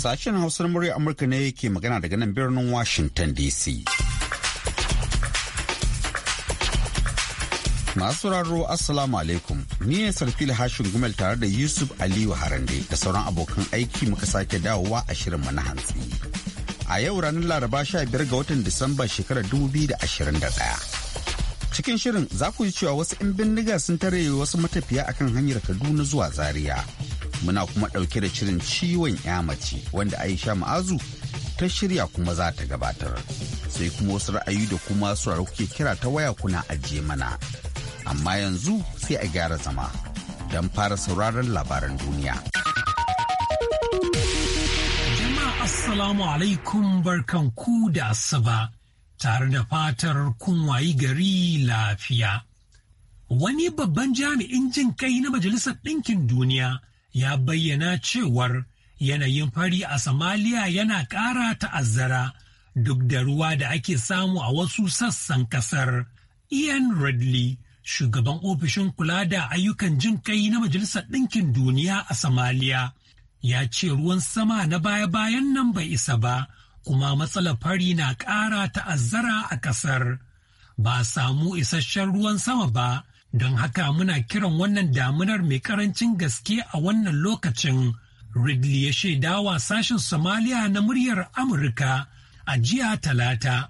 Sashen Hausar murya Amurka ne ke magana daga nan birnin Washington DC. Masu raro Assalamu alaikum. Ni ne Sarfil Hashin Gumel tare da Yusuf Aliyu Harande da sauran abokan aiki muka sake dawowa a shirin na hantsi. A yau ranar Laraba sha biyar ga watan Disamba shekarar da da 2021. cikin shirin za ku ji cewa wasu 'yan bindiga sun tare wasu matafiya akan hanyar kaduna zuwa zaria muna kuma ɗauke da shirin ciwon mace wanda aisha ma'azu ta shirya kuma za ta gabatar sai kuma wasu ra'ayi da kuma sauraro kuke kira ta waya kuna ajiye mana amma yanzu sai a gyara zama don fara sauraron labaran duniya jama'a assalamu alaikum barkan ku da asaba tare da fatar kun wayi gari lafiya wani babban jami'in jin kai na majalisar ɗinkin duniya ya bayyana cewar yanayin fari a Somalia yana ƙara ta'azzara duk da ruwa da ake samu a wasu sassan kasar. Ian Ridley, shugaban ofishin kula da ayyukan jin kai na Majalisar Ɗinkin Duniya a Somalia, ya ce ruwan sama na baya-bayan nan bai isa ba, kuma matsalar fari na ƙara ta'azzara a kasar. Ba samu isasshen ruwan sama ba Don haka muna kiran wannan damunar mai karancin gaske a wannan lokacin. Ridley ya wa sashen Somalia na muryar Amurka a jiya talata.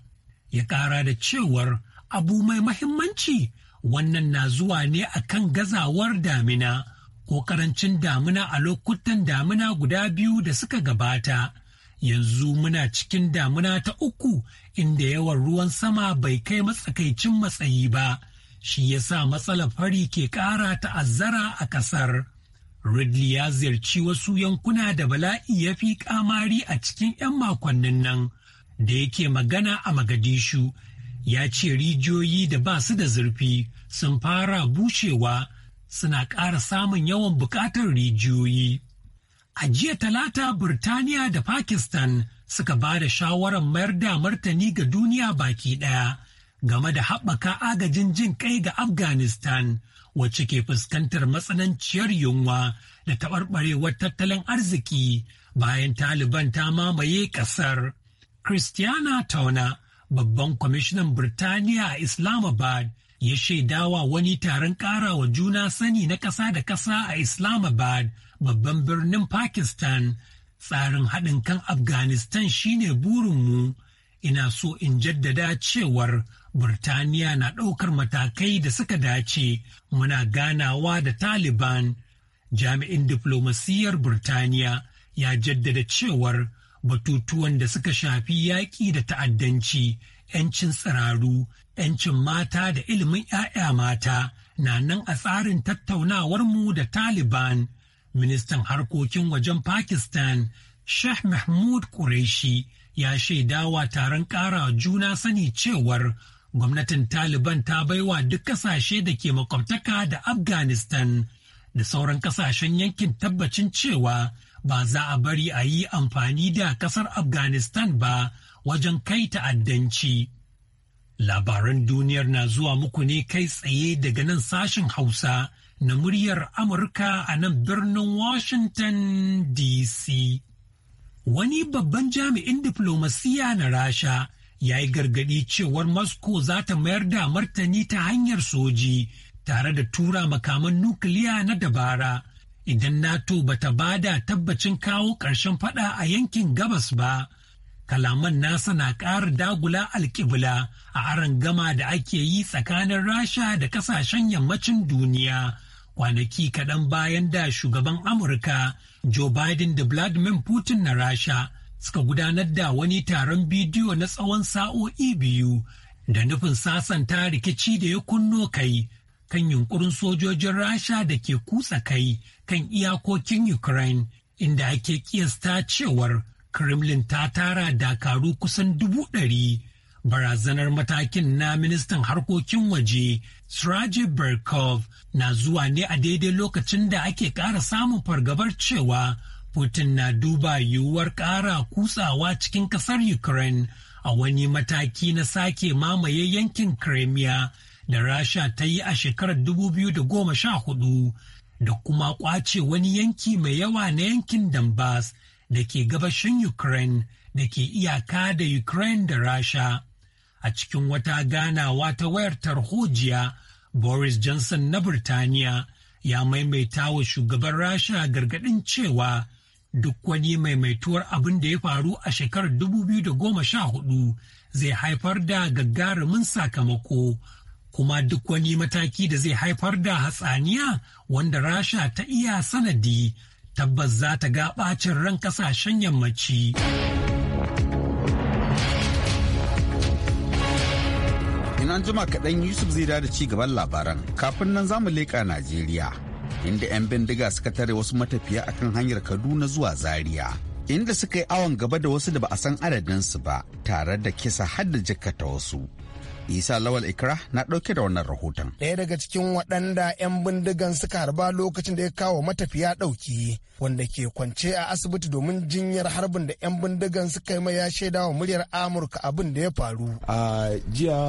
Ya ƙara da cewar abu mai mahimmanci wannan na zuwa ne a kan gazawar damina ko karancin damina a lokutan damina guda biyu da suka gabata. Yanzu muna cikin damina ta uku inda yawan ruwan sama bai kai matsakaicin matsayi ba shi ya sa matsalar fari ke ƙara ta'azzara a ƙasar. Ridley ya ziyarci wasu yankuna da bala'i ya fi kamari a cikin 'yan makonnin nan da yake magana a Magadishu ya ce rijiyoyi da ba su da zurfi sun fara bushewa suna ƙara samun yawan buƙatar rijiyoyi. A jiya talata Birtaniya da Pakistan suka ba da shawarar mayar da martani ga duniya baki ɗaya game da haɓaka agajin jin kai ga Afghanistan wacce ke fuskantar matsananciyar yunwa da taɓarɓarewar tattalin arziki bayan Taliban ta mamaye ƙasar. Christiana Tauna, babban kwamishinan Birtaniya a Islamabad, ya shaidawa wani taron ƙarawa juna sani na ƙasa da ƙasa a Islamabad, babban birnin Pakistan, tsarin haɗin kan Afghanistan shine burinmu. Ina so in jaddada cewar Burtaniya na ɗaukar matakai da suka dace muna ganawa da Taliban. Jami'in diflomasiyyar Burtaniya ya jaddada cewar batutuwan da suka shafi yaƙi da ta'addanci, 'yancin tsiraru, 'yancin mata da ilimin 'ya'ya mata na nan a tsarin tattaunawarmu da Taliban. Ministan harkokin wajen Pakistan, Sheikh Mahmud Qureshi, ya shaidawa taron ƙara juna sani cewar gwamnatin Taliban ta baiwa duk kasashe da ke makwabtaka da Afghanistan da sauran kasashen yankin tabbacin cewa ba za a bari a yi amfani da kasar Afghanistan ba wajen kai ta'addanci. Labaran duniyar na zuwa muku ne kai tsaye daga nan sashen Hausa na muryar Amurka a nan birnin Washington DC. Wani babban jami'in diflomasiya na Rasha. ya yi gargaɗi cewar Moscow za ta mayar da martani ta hanyar soji tare da tura makaman nukiliya na dabara idan NATO ba ta ba da tabbacin kawo ƙarshen faɗa a yankin gabas ba. Kalaman nasa na ƙara dagula alƙibla a aron gama da ake yi tsakanin Rasha da ƙasashen yammacin duniya. Kwanaki kaɗan bayan da shugaban Amurka Joe Biden da Vladimir Putin na Rasha suka gudanar da wani taron bidiyo na tsawon sa'o'i biyu da nufin sasanta rikici da ya kunno kai kan yunkurin sojojin rasha da ke kutsa kai kan iyakokin ukraine inda ake kiyasta cewar kremlin ta tara dakaru kusan dubu ɗari barazanar matakin na ministan harkokin waje Sraji Berkov na zuwa ne a daidai lokacin da ake ƙara samun fargabar cewa Putin na duba yiwuwar ƙara kutsawa cikin ƙasar Ukraine a wani mataki na sake mamaye yankin Crimea da Rasha ta yi a shekarar 2014 da kuma ƙwace wani yanki mai yawa na yankin Donbass da ke gabashin Ukraine da ke iyaka da Ukraine da Rasha. A cikin wata ganawa ta wayar tarhojiya, Boris Johnson na Burtaniya ya maimaita wa shugaban Rasha gargaɗin cewa duk wani maimaituwar abin da ya faru a shekarar dubu biyu da goma sha hudu zai haifar da gagarumin sakamako kuma duk wani mataki da zai haifar da hatsaniya wanda rasha ta iya sanadi tabbas za ta ga ɓacin ran kasashen yammaci Ina jima kaɗan Yusuf zai da ci gaban labaran kafin nan zamu leƙa Najeriya. inda 'yan bindiga suka tare wasu matafiya akan hanyar kaduna zuwa zaria inda suka yi awon gaba da wasu da ba a san adadinsu ba tare da kisa hadda jikkata wasu isa lawal ikra na ɗauke da wannan rahoton ɗaya daga cikin waɗanda 'yan bindigan suka harba lokacin da ya kawo matafiya ɗauki wanda ke kwance a asibiti domin jinyar harbin da 'yan bindigan suka yi ya shaida wa muryar amurka abin da ya faru a jiya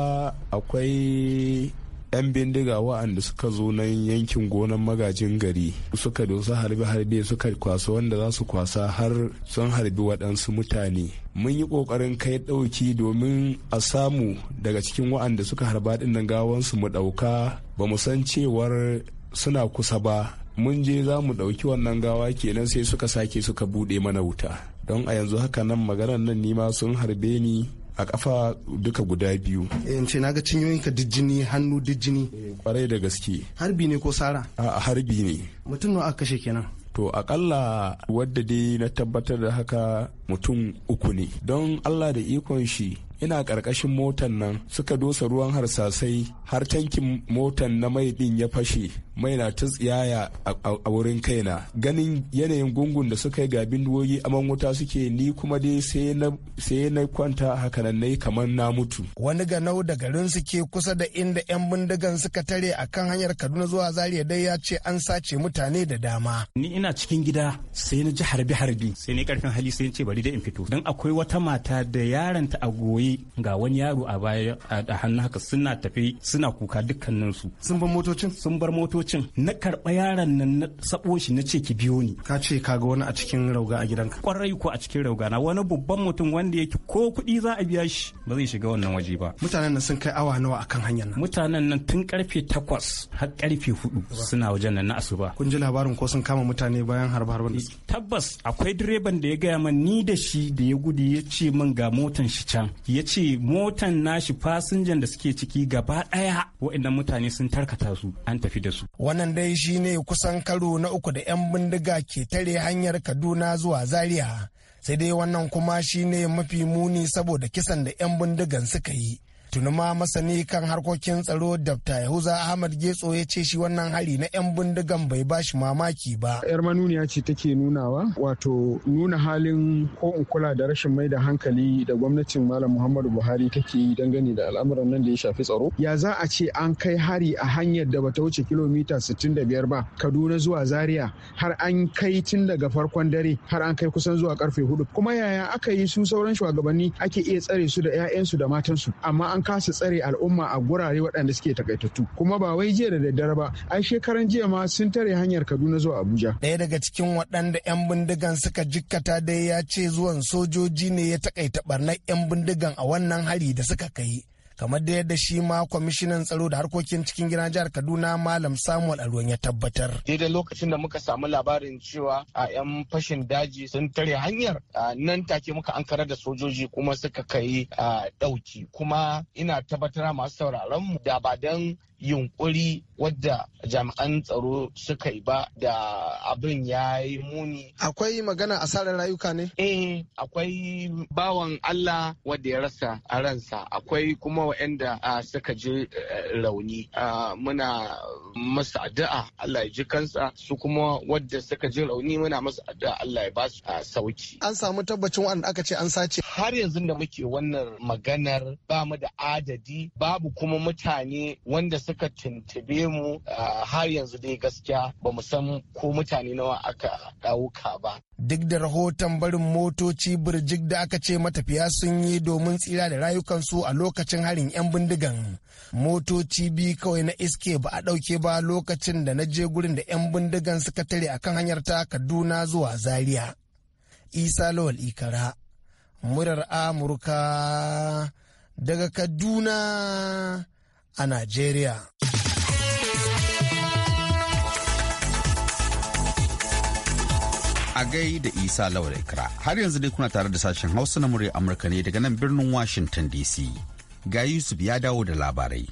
akwai 'yan bindiga waɗanda suka zo nan yankin gonan magajin gari suka dosa harbi harbe suka kwasa wanda za su kwasa har sun harbi waɗansu mutane mun yi ƙoƙarin kai ɗauki domin a samu daga cikin wa'anda suka harba ɗin nan gawansu mu ɗauka ba mu san cewar suna kusa ba mun je za mu ɗauki wannan gawa kenan sai suka sake suka buɗe mana wuta don a yanzu haka nan maganar nan nima sun harbe ni a kafa duka guda biyu eh, in ce naga cinyoyin ka dijjini hannu dijjini eh, kwarai da gaske harbi ne ko sara a harbi ne mutum nawa aka kashe kenan to akalla wadda dai na tabbatar da haka mutum uku ne don allah da ikon shi ina ƙarƙashin motan nan suka dosa ruwan harsasai har tankin motan na mai ɗin ya fashe mai na ta tsiyaya a wurin kaina ganin yanayin gungun da suka yi ga bindigogi aman wuta suke ni kuma dai sai na kwanta hakanan na yi kamar na mutu wani ganau da garin suke kusa da inda 'yan bindigan suka tare a kan hanyar kaduna zuwa zaria dai ya ce an sace mutane da dama ni ina cikin gida sai na ji harbi harbi sai ni karfin hali sai ce bari da in fito dan akwai wata mata da yaronta a goye ga wani yaro a baya a hannu haka suna tafi suna kuka dukkaninsu sun bar motocin sun bar motocin motocin na karɓa yaron nan na sabo shi na ce ki biyo ni ka ce ka ga wani a cikin rauga a gidanka kwarai ko a cikin rauga na wani babban mutum wanda yake ko kuɗi za a biya shi ba zai shiga wannan waje ba mutanen nan sun kai awa nawa akan hanyar nan mutanen nan tun karfe takwas har karfe hudu suna wajen nan na asuba kun ji labarin ko sun kama mutane bayan harba harban tabbas akwai direban da ya gaya min ni da shi da ya gudu ya ce min ga motan shi can ya ce motan nashi fasinjan da suke ciki gaba ɗaya waɗannan mutane sun tarkata su an tafi da su Wannan dai shi ne kusan karo na uku da 'yan bindiga ke tare hanyar Kaduna zuwa Zaria. Sai dai wannan kuma shi ne mafi muni saboda kisan da 'yan bindigan suka yi. tuni ma masani kan harkokin tsaro dr yahuza ahmad getso ya ce shi wannan hari na 'yan bindigan bai ba shi mamaki ba yar manuniya ce take nunawa wato nuna halin ko in kula da rashin mai da hankali da gwamnatin malam muhammadu buhari take yi dangane da al'amuran nan da ya shafi tsaro ya za a ce an kai hari a hanyar da bata wuce kilomita sittin da biyar ba kaduna zuwa zaria har an kai tun daga farkon dare har an kai kusan zuwa karfe hudu kuma yaya aka yi su sauran shugabanni ake iya tsare su da 'ya'yansu da matansu amma an an kasa tsare al'umma a gurare waɗanda suke takaitattu kuma ba wai jiya da daddare ba ai shekaran jiya ma sun tare hanyar kaduna zuwa abuja ɗaya daga cikin waɗanda 'yan bindigan suka jikkata dai ya ce zuwan sojoji ne ya takaita barnar 'yan bindigan a wannan hari da suka kai kamar da yadda shi ma kwamishinan tsaro da harkokin cikin gina jihar kaduna malam samuel alwan ya tabbatar daidai lokacin da muka samu labarin cewa a yan fashin daji sun tare hanyar nan take muka ankarar da sojoji kuma suka kai dauki kuma ina tabbatar masu sauraron mu da ba dan yunkuri wadda jami'an tsaro suka yi ba da abin ya yi muni. Akwai magana asarar rayuka ne? Eh, akwai bawan Allah wadda ya rasa a ransa. Akwai kuma waɗanda suka ji eh, rauni muna masu addu'a Allah ya ji kansa su kuma wadda suka ji rauni muna masu addu'a Allah ya ba su sauki an samu tabbacin wanda aka ce an sace har yanzu da muke wannan maganar ba mu da adadi babu kuma mutane wanda suka tuntube mu har yanzu dai gaskiya ba mu san ko mutane nawa aka ɗauka ba duk da rahoton barin motoci birjik da aka ce matafiya sun yi domin tsira da rayukansu a lokacin hari barin 'yan bindigan motoci biyu kawai na iske ba a ɗauke ba lokacin da na je gurin da 'yan bindigan suka tare a kan hanyar ta kaduna zuwa zaria isa lawal ikara murar amurka daga kaduna a najeriya a gai da isa Lawal ikra har yanzu dai kuna tare da sashen hausa na murya amurka ne daga nan birnin washington dc ga Yusuf ya dawo da labarai.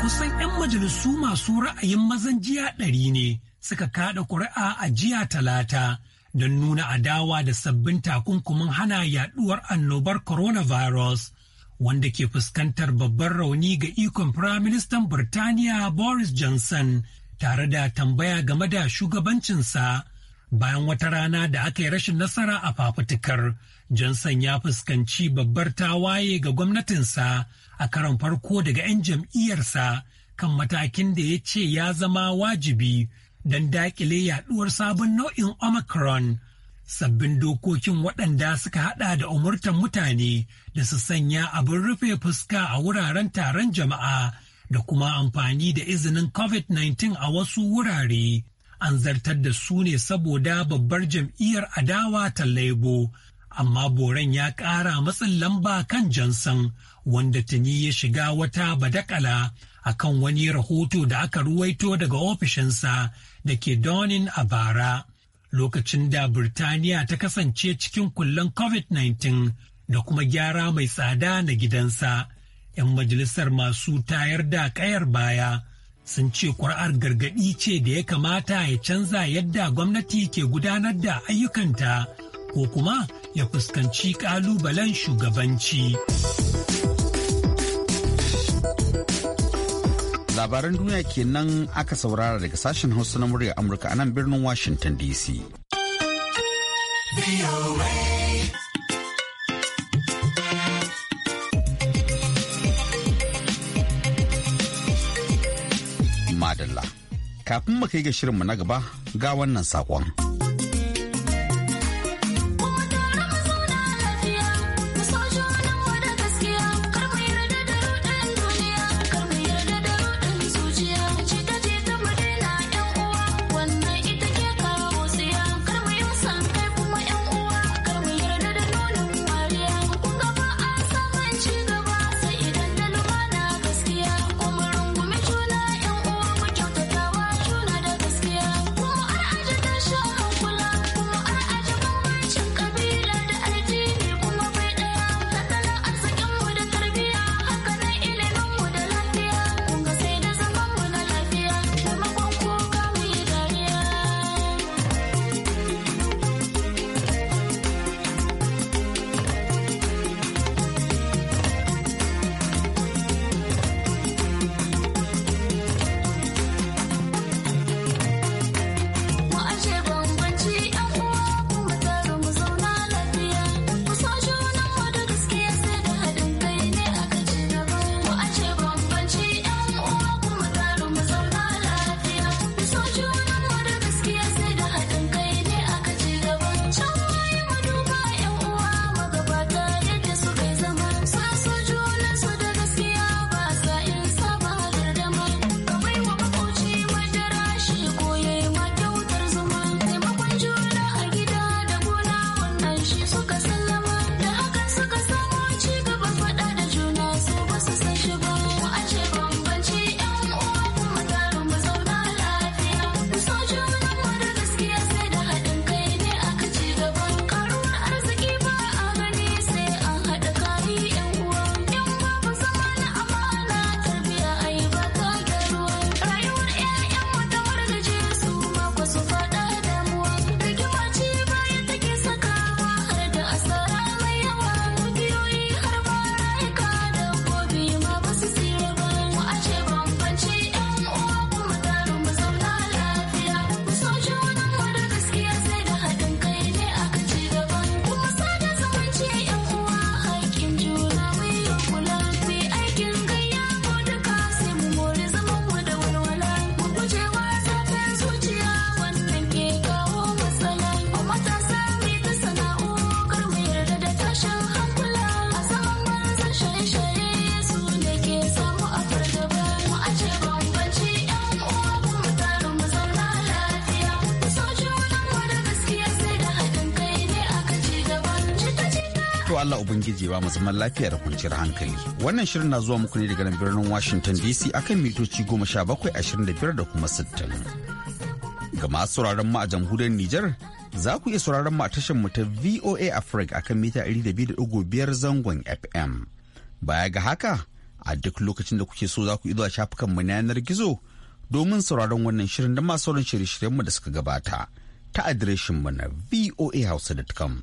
Kusan 'yan majalisu masu ra'ayin mazan jiya ɗari ne suka kada ƙuri'a a jiya talata don nuna adawa da sabbin takunkumin hana yaɗuwar annobar coronavirus wanda ke fuskantar babban rauni ga ikon Firaministan Birtaniya Boris Johnson tare da tambaya game da shugabancinsa bayan wata rana da aka yi rashin nasara a fafutukar. Johnson ya fuskanci babbar tawaye ga gwamnatinsa a karon farko daga 'yan jam'iyyarsa kan matakin da ya ce ya zama wajibi don dakile yaduwar sabon nau'in Omicron. Sabbin dokokin waɗanda suka haɗa da umurtan mutane da su sanya abin rufe fuska a wuraren taron jama'a da kuma amfani da izinin COVID-19 a wasu wurare. An zartar da su ne saboda babbar jam'iyyar adawa ta Labour amma boran ya ƙara matsin lamba kan Johnson wanda tuni ya shiga wata badakala a kan wani rahoto da aka ruwaito daga ofishinsa da ke donin a bara. Lokacin da Birtaniya ta kasance cikin kullen COVID-19 da kuma gyara mai tsada na gidansa, 'yan majalisar masu tayar da ƙayar baya sun ce ƙuri'ar gargaɗi ce da ya kamata ya canza yadda gwamnati ke gudanar da ayyukanta. ko kuma ya fuskanci kalubalen shugabanci. Labaran duniya kenan aka saurara daga sashen Hausa na murya Amurka a nan birnin Washington DC. Madalla. Kafin mu kai ga shirinmu na gaba ga wannan saƙon. Allah Ubangiji ba mu zaman lafiya da kwanciyar hankali. Wannan shirin na zuwa muku ne daga birnin Washington DC akan mitoci goma sha bakwai ashirin da biyar da kuma sittin. Ga masu sauraron mu a jamhuriyar Nijar za ku iya sauraron mu a tashar mu ta VOA Africa akan mita ɗari da biyu da biyar zangon FM. Baya ga haka a duk lokacin da kuke so za ku iya shafukan mu na yanar gizo domin sauraron wannan shirin da masu sauran shirye-shiryen mu da suka gabata ta adireshin mu na voahausa.com.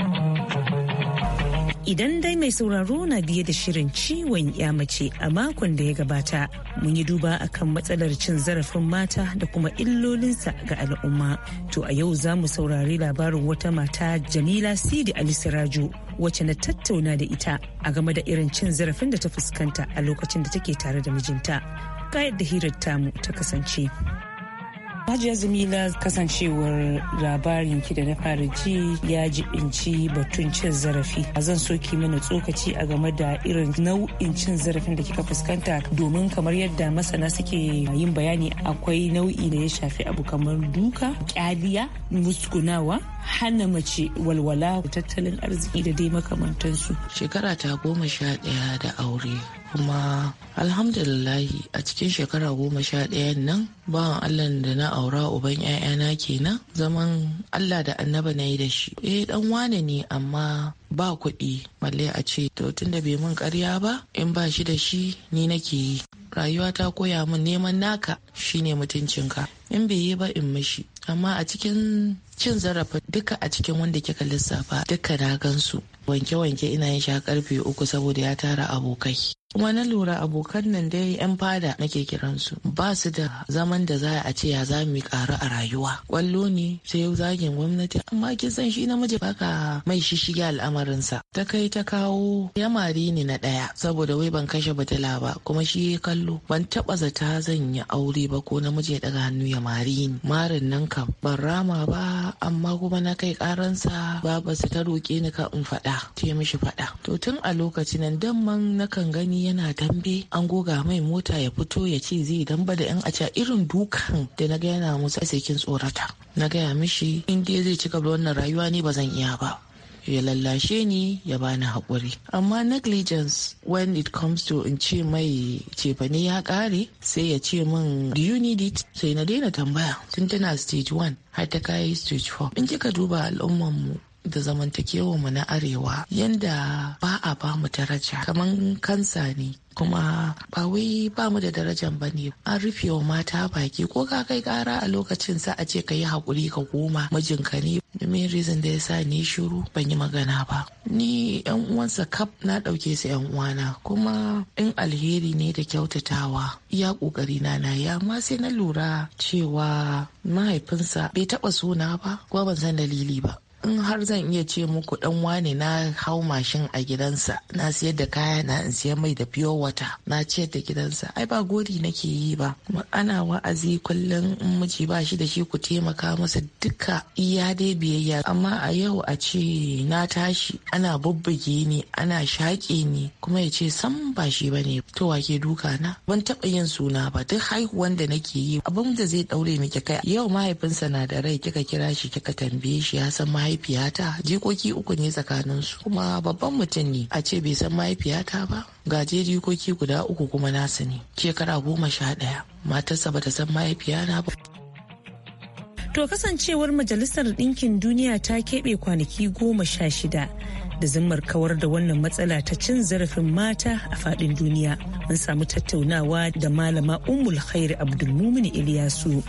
idan dai mai sauraro na biye da shirin ciwon ya mace a makon da ya gabata mun yi duba akan matsalar cin zarafin mata da kuma illolinsa ga al'umma to a yau za mu saurari labarin wata mata jamila sidi ali Siraju wacce na tattauna da ita a game da irin cin zarafin da ta fuskanta a lokacin da take tare da mijinta ga yadda hirar tamu ta kasance Hajiya Zamila kasancewar labarin ki da na fara ji ya jibinci batun cin zarafi. A zan so ki mana tsokaci a game da irin nau'in cin zarafin da kika fuskanta domin kamar yadda masana suke yin bayani akwai nau'i da ya shafi abu kamar duka, kyaliya, muskunawa, hana mace walwala, tattalin arziki da dai makamantansu. Shekara ta goma sha ɗaya da aure kuma alhamdulillahi a cikin shekara goma sha ɗayan nan bawan allah da na aura uban 'ya'yana kenan zaman allah da annaba na yi da shi eh dan wane ne amma ba kuɗi balle a ce to tunda bai mun karya ba in ba shi da shi ni nake yi rayuwa ta koya min neman naka shine mutuncinka in bai yi ba in mishi amma a cikin cin zarafa duka a cikin wanda kika lissafa duka na gansu wanke-wanke ina yin sha karfe uku saboda ya tara abokai kuma na lura abokan nan dai yan fada nake kiransu ba su da zaman da za a ce ya za mu karu a rayuwa kwallo ne sai yau zagin gwamnati amma kin san shi namiji baka mai shishige al'amarinsa ta kai ta kawo ya mari ni na ɗaya saboda wai ban kashe batala ba kuma shi ya kallo ban taba zata zan yi aure ba ko namiji ya daga hannu ya mari ni marin nan kam ban rama ba amma kuma na kai karansa su ta roke ni ka in faɗa yi mishi faɗa to tun a lokacin nan dan man nakan gani yana dambe an goga mai mota ya fito ya ce zai damba da 'yan aca irin dukan da na gaya na musa aikin tsorata na gaya mishi in dai zai ci gaba wannan rayuwa ne ba zan iya ba ya lallashe ni ya bani haƙuri amma negligence when it comes to in ce mai cefane ya ƙare sai ya ce min do you need it sai na daina tambaya tun tana stage 1 har ta kayi stage 4 in kika duba al'umman mu da zamantakewa mu na arewa yanda ba a ba mu daraja kaman kansa ne kuma ba wai ba mu da darajan ba ne an rufe wa mata baki ko ka kai kara a lokacin sa a ce ka yi hakuri ka goma mijinka ne domin reason da ya sa ni shiru ban yi magana ba ni yan uwansa kaf na ɗauke su yan uwana kuma in alheri ne da kyautatawa iya ƙoƙari na na ya ma sai na lura cewa mahaifinsa bai taɓa suna ba kuma ban san dalili ba in har zan iya ce muku dan wane na hau mashin a gidansa na siyar da kaya na in siyar mai da pure water na ciyar da gidansa ai ba gori nake yi ba ana wa'azi kullum in miji ba shi da shi ku taimaka masa duka iya dai biyayya amma a yau a ce na tashi ana bubbuge ni ana shaƙe ni kuma ya ce san ba shi ba ne to wake duka na ban taɓa yin suna ba duk haihuwan da nake yi abin da zai ɗaure miki kai yau mahaifinsa na da rai kika kira shi kika tambaye shi ya san mahaifiyata jikoki uku ne tsakaninsu kuma babban mutum ne a ce bai san mahaifiyata ba je jikoki guda uku kuma nasu ne shekara goma sha ɗaya matarsa bata san mahaifiyana ba To kasancewar Majalisar Ɗinkin Duniya ta keɓe kwanaki goma sha shida da zimmar kawar da wannan matsala ta cin zarafin mata a faɗin duniya. Mun samu tattaunawa da malama Ummul Khair Abdulmumin Iliyasu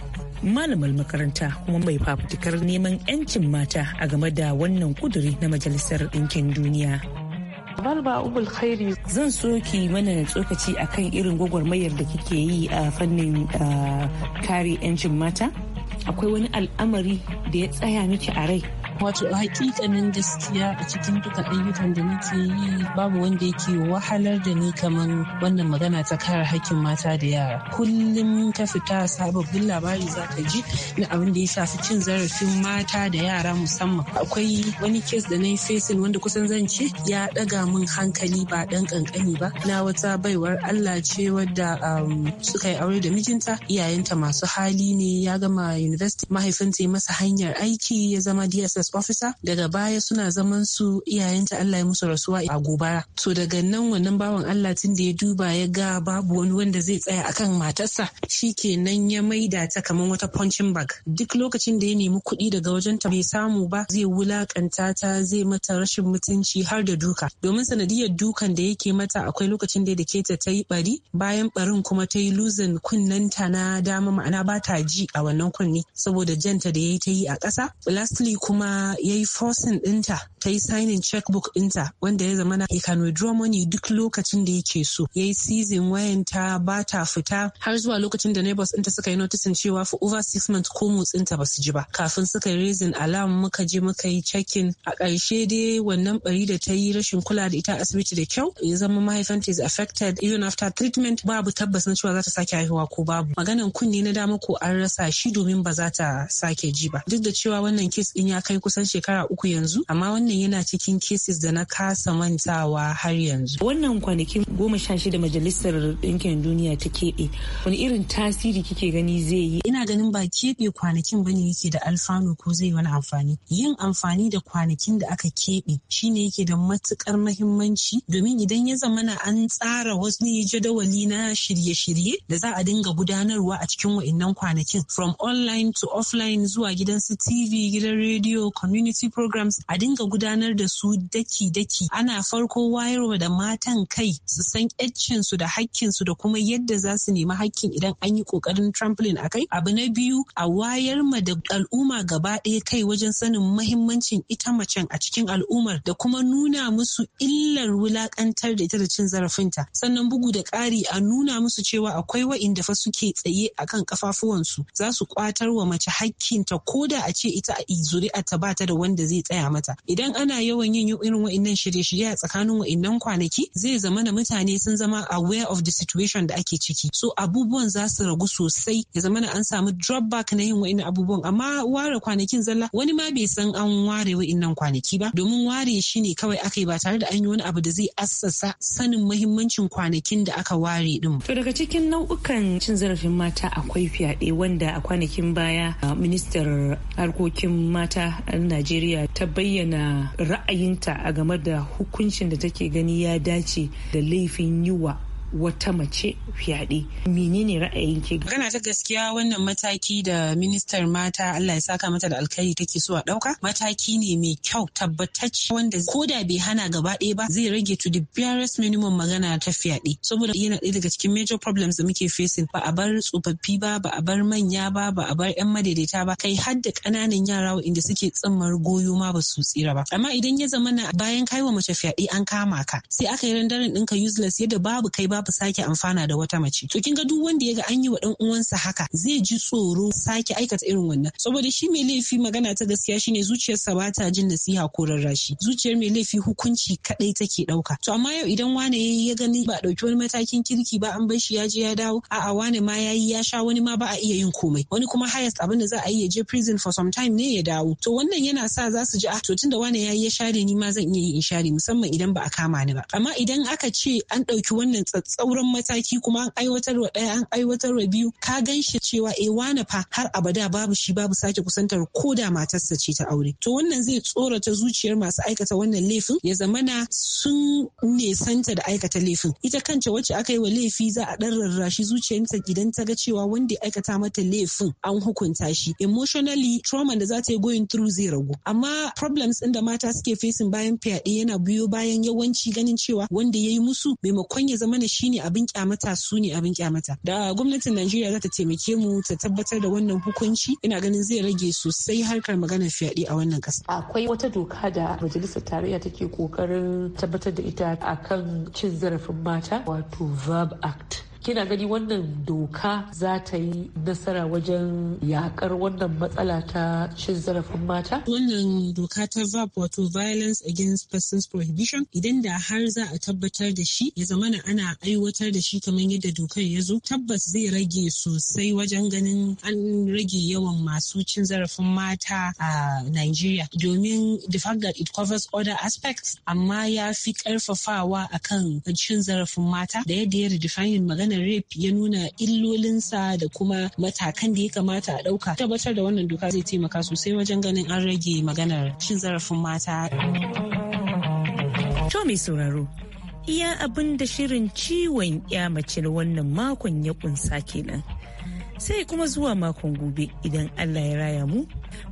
malamar makaranta kuma mai fafutukar neman 'yancin mata a game da wannan kuduri na majalisar ɗinkin duniya. Balba Ubul Khairi. Zan so ki mana tsokaci akan irin gwagwarmayar da kike yi a fannin kare 'yancin mata. Akwai wani al'amari da ya tsaya miki a rai wato a hakikanin gaskiya a cikin duka ayyukan da nake yi babu wanda yake wahalar da ni kamar wannan magana ta kare hakkin mata da yara kullum ka fita sababbin labari za ka ji na abin da ya shafi cin zarafin mata da yara musamman akwai wani kes da na yi fesin wanda kusan zan ce ya ɗaga min hankali ba dan kankani ba na wata baiwar allah ce wadda um, suka yi aure da mijinta iyayenta masu hali ne ya gama university mahaifinta ya masa hanyar aiki ya zama dss resources officer daga baya suna zaman su iyayenta Allah ya musu rasuwa a gobara to daga nan wannan bawan Allah tun da ya duba ya ga babu wani wanda zai tsaya akan matarsa shikenan ya maida ta kamar wata punching bag duk lokacin da ya nemi kuɗi daga wajen ta bai samu ba zai wulakanta ta zai mata rashin mutunci har da duka domin sanadiyar dukan da yake mata akwai lokacin da ya keta ta yi bari bayan barin kuma ta yi kunnen ta na dama ma'ana ba ta ji a wannan kunni saboda janta da ya yi ta yi a ƙasa lastly kuma ya yi forcing dinta ta yi signing checkbook ɗinta wanda ya zama na he can withdraw money duk lokacin da yake so ya yi season wayanta ba ta fita har zuwa lokacin da neighbors inta suka yi noticing cewa for over six months ko motsinta ba su ji ba kafin suka yi raising alarm muka je muka yi checking a ƙarshe dai wannan bari da ta yi rashin kula da ita asibiti da kyau ya zama mahaifanta is affected even after treatment babu tabbas na cewa za ta sake haihuwa ko babu maganan kunne na dama ko an rasa shi domin ba za ta sake ji ba duk da cewa wannan kes ɗin ya kai kusan shekara uku yanzu amma wannan yana cikin cases da na kasa mantawa har yanzu wannan kwanakin goma sha shida majalisar ɗinkin duniya ta keɓe wani irin tasiri kike gani zai yi ina ganin ba keɓe kwanakin ba ne yake da alfanu ko zai wani amfani yin amfani da kwanakin da aka keɓe shine yake da matukar mahimmanci domin idan ya zamana an tsara wasu jadawali na shirye-shirye da za a dinga gudanarwa a cikin wa'innan kwanakin from online to offline zuwa gidan su tv gidan rediyo community programs a dinga gudanar da su daki-daki ana farko wayarwa da matan kai su san su da su da kuma yadda za su nemi hakkin idan an yi kokarin trampling a kai abu na biyu a wayar ma da al'umma gaba ɗaya kai wajen sanin mahimmancin ita macen a cikin al'ummar da kuma nuna musu illar wulakantar da ita da cin zarafinta sannan bugu da ƙari a nuna musu cewa akwai wa'inda fa suke tsaye akan kafafuwansu za su kwatar wa mace hakkinta ko da a ce ita a zuri'ata ba ta da wanda zai tsaya mata idan ana yawan yin irin wa'annan shirye-shirye a tsakanin wa'annan kwanaki zai zama na mutane sun zama aware of the situation da ake ciki so abubuwan za su ragu sosai ya zama na an samu drop back na yin wa'annan abubuwan amma ware kwanakin zalla wani ma bai san an ware wa'annan kwanaki ba domin ware shi ne kawai aka yi ba tare da an yi wani abu da zai assasa sanin mahimmancin kwanakin da aka ware din to daga cikin nau'ukan cin zarafin mata akwai fyaɗe wanda a kwanakin baya ministar harkokin mata a najeriya ta bayyana ra'ayinta a game da hukuncin da take gani ya dace da laifin yiwa wata mace fyaɗe. Menene ra'ayin ki? Magana ta gaskiya wannan mataki da ministar mata Allah ya saka mata da alkhairi take so a ɗauka mataki ne mai kyau tabbatacce wanda ko da bai hana gaba ɗaya ba zai rage to the barest minimum magana ta fyaɗe. Saboda yana ɗaya daga cikin major problems da muke facing ba a bar tsofaffi ba ba a bar manya ba ba a bar 'yan madaidaita ba kai har da ƙananan yara inda suke tsammar goyo ma ba su tsira ba. Amma idan ya zama na bayan kai wa mace fyaɗe an kama ka sai aka yi rendering ɗinka useless yadda babu kai ba babu sake amfana da wata mace to kin ga duk wanda ya ga an yi wa dan uwansa haka zai ji tsoro sake aikata irin wannan saboda shi mai laifi magana ta gaskiya shine zuciyarsa ba ta jin nasiha ko rarrashi zuciyar mai laifi hukunci kadai take ɗauka. to amma yau idan wane ya ya gani ba dauki wani matakin kirki ba an bar shi ya je ya dawo a'a wane ma ya yi ya sha wani ma ba a iya yin komai wani kuma highest abin da za a yi ya je prison for some time ne ya dawo to wannan yana sa za su ji a? Ah, to tunda wane ya yi ya share ni ma zan iya yin in share musamman idan ba a kama ni ba amma idan aka ce an dauki wannan tsauran mataki kuma an aiwatarwa ɗaya an aiwatarwa biyu ka gan shi cewa e wane fa har abada babu shi babu sake kusantar ko da matarsa ce ta aure to wannan zai tsorata zuciyar masu aikata wannan laifin ya zamana sun nesanta da aikata laifin ita kanta wacce aka yi wa laifi za a ɗan rarrashi zuciyarta idan ta ga cewa wanda aikata mata laifin an hukunta shi emotionally trauma da za ta yi going through zai ragu amma problems ɗin da mata suke facing bayan fyaɗe yana biyo bayan yawanci ganin cewa wanda ya yi musu maimakon ya zamana shi shine abin kyamata su ne abin kyamata da gwamnatin Najeriya za ta taimake mu ta tabbatar da wannan hukunci ina ganin zai rage sosai harkar maganar fyaɗe a wannan ƙasa akwai wata doka da majalisar tarayya take kokarin tabbatar da ita akan cin zarafin mata wato verb act kina gani wannan doka za ta yi nasara wajen yakar wannan matsala ta cin zarafin mata? Wannan doka ta VAP wato Violence Against Persons Prohibition idan da har za a tabbatar da shi ya zamana ana aiwatar da shi kamar yadda dokar ya zo tabbas zai rage sosai wajen ganin an rage yawan masu cin zarafin mata a Nigeria domin the fact that it covers other aspects amma ya fi karfafawa akan cin zarafin mata da yadda ya redefining magana magana rape ya nuna illolinsa da kuma matakan da ya kamata a ɗauka tabbatar da wannan doka zai taimaka sosai wajen ganin an rage maganar cin zarafin mata. To mai sauraro, iya abin da shirin ciwon ya mace na wannan makon ya kunsa kenan. Sai kuma zuwa makon gobe idan Allah ya raya mu,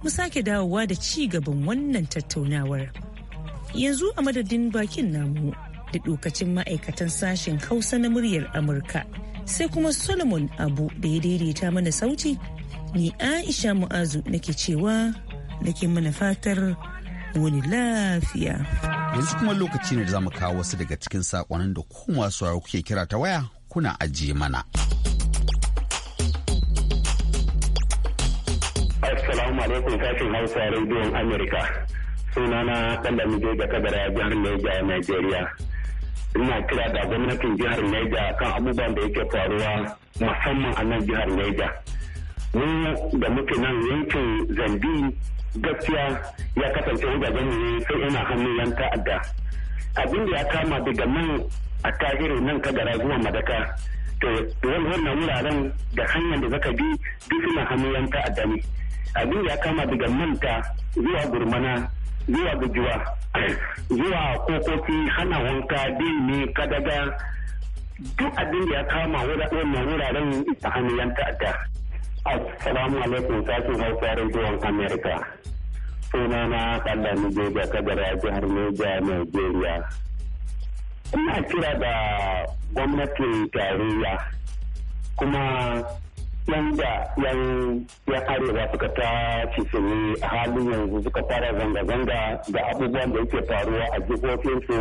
mu sake dawowa da ci gaban wannan tattaunawar. Yanzu a madadin bakin namu da dokacin ma'aikatan sashen hausa na muryar amurka sai kuma solomon abu da ya daidaita mana sauti ni aisha mu'azu nake cewa nake mana fatar wani lafiya yanzu kuma lokaci ne da za mu kawo wasu daga cikin saƙonin da ku masu kuke kira ta waya kuna ajiye mana kafin hausa rediyon amurka Sunana ɗan da muje ga kadara jihar Niger Nigeria. ina kira da gwamnatin jihar Niger kan abubuwan da yake faruwa musamman a nan jihar Niger. Mu da muke nan yankin Zambi gaskiya ya kasance wajajen ne sai ina hannun yan ta'adda. Abin da ya kama daga nan a tahiri nan kadara zuwa madaka. To wannan wuraren da hanyar da zaka bi duk suna hannun yan ta'adda ne. Abin da ya kama daga manta zuwa gurmana zuwa gujuwa zuwa kokoki hana wanka ne kadaga duk abin da ya kama wannan wuraren ta hannun yan ta'adda assalamu alaikum sashen hausa rediyon amerika. suna na kalla nigeria kadara jihar neja nigeria ina kira da gwamnatin tarayya kuma yanda yan yan arewa suka ta cisini a halin yanzu suka fara zanga-zanga da abubuwan da yake faruwa a jihohinsu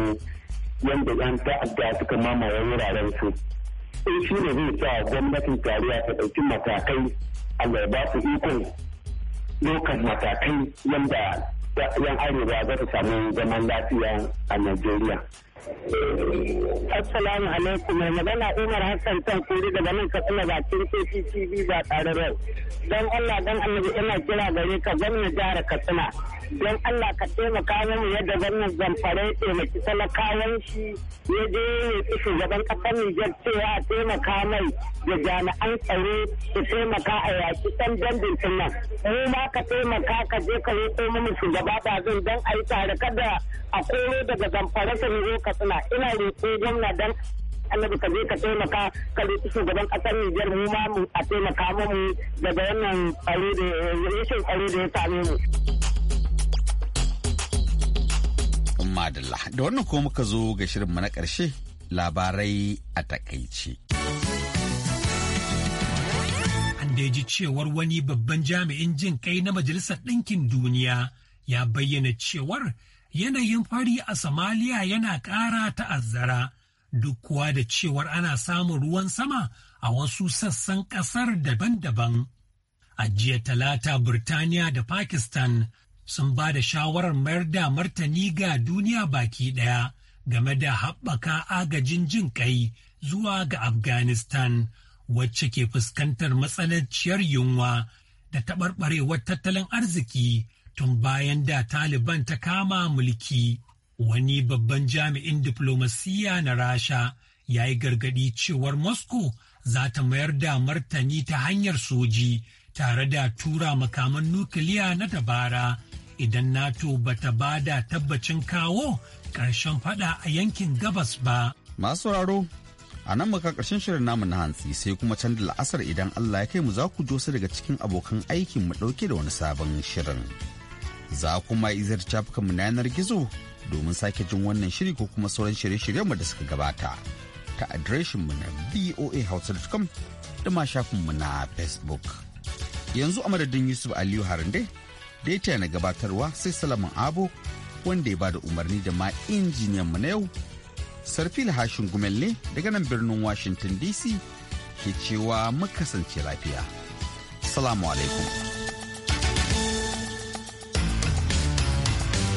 yanda yan ta'adda suka mamaye wuraren su in eh, shi ne zai sa gwamnatin taruwa ta ɗauki matakai a ba su ikon lokacin matakai yanda yan arewa za su samu zaman lafiya a najeriya Assalamu alaikum mai magana Umar Hassan kan kuri daga nan Katsina bakin KTTV ba tare da Don Allah don Annabi ina kira gare ka zanna jihar Katsina. Don Allah ka taimaka mu yadda gwamnati zamfara ya taimaki talakawan shi ya je ya shugaban kasar Nijar cewa a taimaka mai da jami'an tsaro su taimaka a yaki ɗan dandin nan. Mu ma ka taimaka ka je ka roƙo mu shugaba ba zan don a yi tare kada a koro daga zamfara ta zo katsina ina roƙo gwamna dan annabi ka je ka taimaka ka roƙi shugaban ƙasar Nijar mu ma mu a taimaka mu daga wannan tsaro da rashin tsaro da ya same mu. Madalla da wannan kuma muka zo ga shirin mu na karshe labarai a takaice. An da ji cewar wani babban jami'in jin kai na Majalisar Ɗinkin Duniya ya bayyana cewar yanayin fari a Somalia yana ƙara ta'azzara duk kuwa da cewar ana samun ruwan sama a wasu sassan ƙasar daban-daban. A jiya talata Birtaniya da Pakistan sun ba da shawarar mayar da martani ga duniya baki ɗaya game da haɓaka agajin jin kai zuwa ga Afghanistan wacce ke fuskantar matsananciyar yunwa da taɓarɓarewar tattalin arziki. tun bayan da Taliban ta kama mulki. Wani babban jami'in diflomasiyya na Rasha ya yi gargaɗi cewar Moscow za ta mayar da martani ta hanyar soji tare da tura makaman nukiliya na dabara idan NATO ba ta ba da tabbacin kawo ƙarshen fada a yankin gabas ba. Masu sauraro, a nan muka ƙarshen shirin namu na hantsi sai kuma can da la'asar idan Allah ya kai mu za ku josu daga cikin abokan aikin mu ɗauke da wani sabon shirin. za kuma izar shafukanmu na yanar gizo domin sake jin wannan shiri ko kuma sauran shirye mu da suka gabata ta mu na voahouse.com da ma shafin mu na facebook yanzu a madadin yusuf aliyu harande da ya na gabatarwa sai salamin abu wanda ya ba da umarni da ma injiniyan mu na yau sarfil hashin gumel ne daga nan birnin washington dc ke cewa muka kasance lafiya salamu alaikum